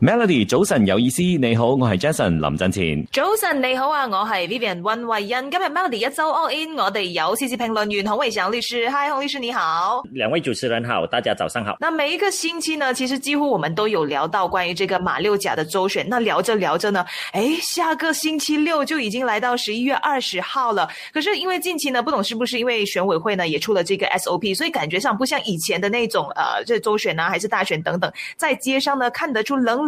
Melody，早晨有意思，你好，我係 Jason 林振前。早晨你好啊，我係 Vivian 溫慧欣。今日 Melody 一周 All In，我哋有時事評論員洪偉祥律師。嗨，洪律師你好，兩位主持人好，大家早上好。那每一個星期呢，其實幾乎我們都有聊到關於這個馬六甲的州選。那聊着聊着呢，誒、哎，下個星期六就已經來到十一月二十號了。可是因為近期呢，不懂是不是因為選委會呢也出了這個 SOP，所以感覺上不像以前的那種，呃，即、就、係、是、州選啊，還是大選等等，在街上呢看得出冷。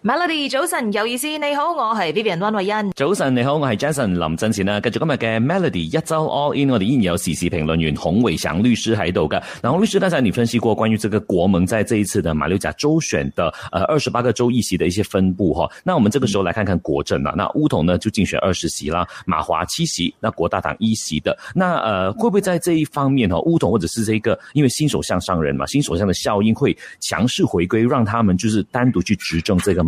Melody，早晨有意思，你好，我係 Vivian Wan w a n 溫慧欣。早晨你好，我係 Jason 林振前呢，繼續今日嘅 Melody 一週 All In，我哋依然有時事評論員洪偉祥律師喺度嘅。然後律師剛才你分析過關於這個國盟在這一次的馬六甲州選的，呃二十八個州議席的一些分布哈、啊。那我們這個時候來看看國陣。啊，那巫統呢就競選二十席啦，馬華七席，那國大黨一席的，那呃，會不會在這一方面哈、啊，巫統或者是這個因為新首相上任嘛，新首相的效應會強勢回歸，讓他們就是單獨去執政這個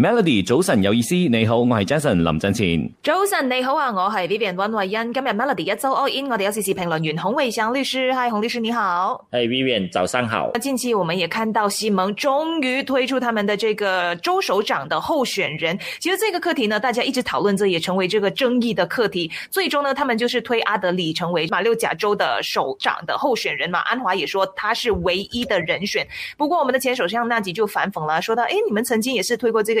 Melody 早晨有意思，你好，我是 Jason 林振前。早晨你好啊，我是 Vivian 溫慧欣。今日 Melody 一周 all in，我哋有時事評論員洪偉祥律師。嗨，洪律師你好。嗨、hey, Vivian 早上好。近期我們也看到西蒙終於推出他們的這個州首長的候選人。其實這個課題呢，大家一直討論，這也成為這個爭議的課題。最終呢，他們就是推阿德里成為馬六甲州的首長的候選人嘛。安華也說他是唯一的人選。不過我們的前首相納吉就反諷啦，說到誒、哎，你們曾經也是推過這個。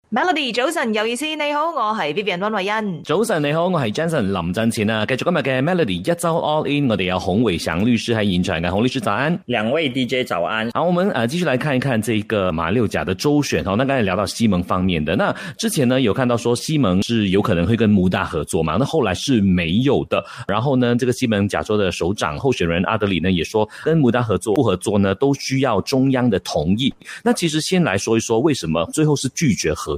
Melody，早晨有意思，你好，我係 B B N 溫慧欣。早晨你好，我是 Jason 林振前呢繼續今日嘅 Melody 一周 All In，我哋有洪偉祥律師喺現場嘅，洪律師早安，兩位 DJ 早安。好，我們啊、呃、繼續來看一看這個馬六甲的州選哦。那剛才聊到西蒙方面的，那之前呢有看到說西蒙是有可能會跟穆大合作嘛？那後來是沒有的。然後呢，這個西蒙甲州的首長候選人阿德里呢，也說跟穆大合作不合作呢，都需要中央的同意。那其實先來說一說，為什麼最後是拒絕合？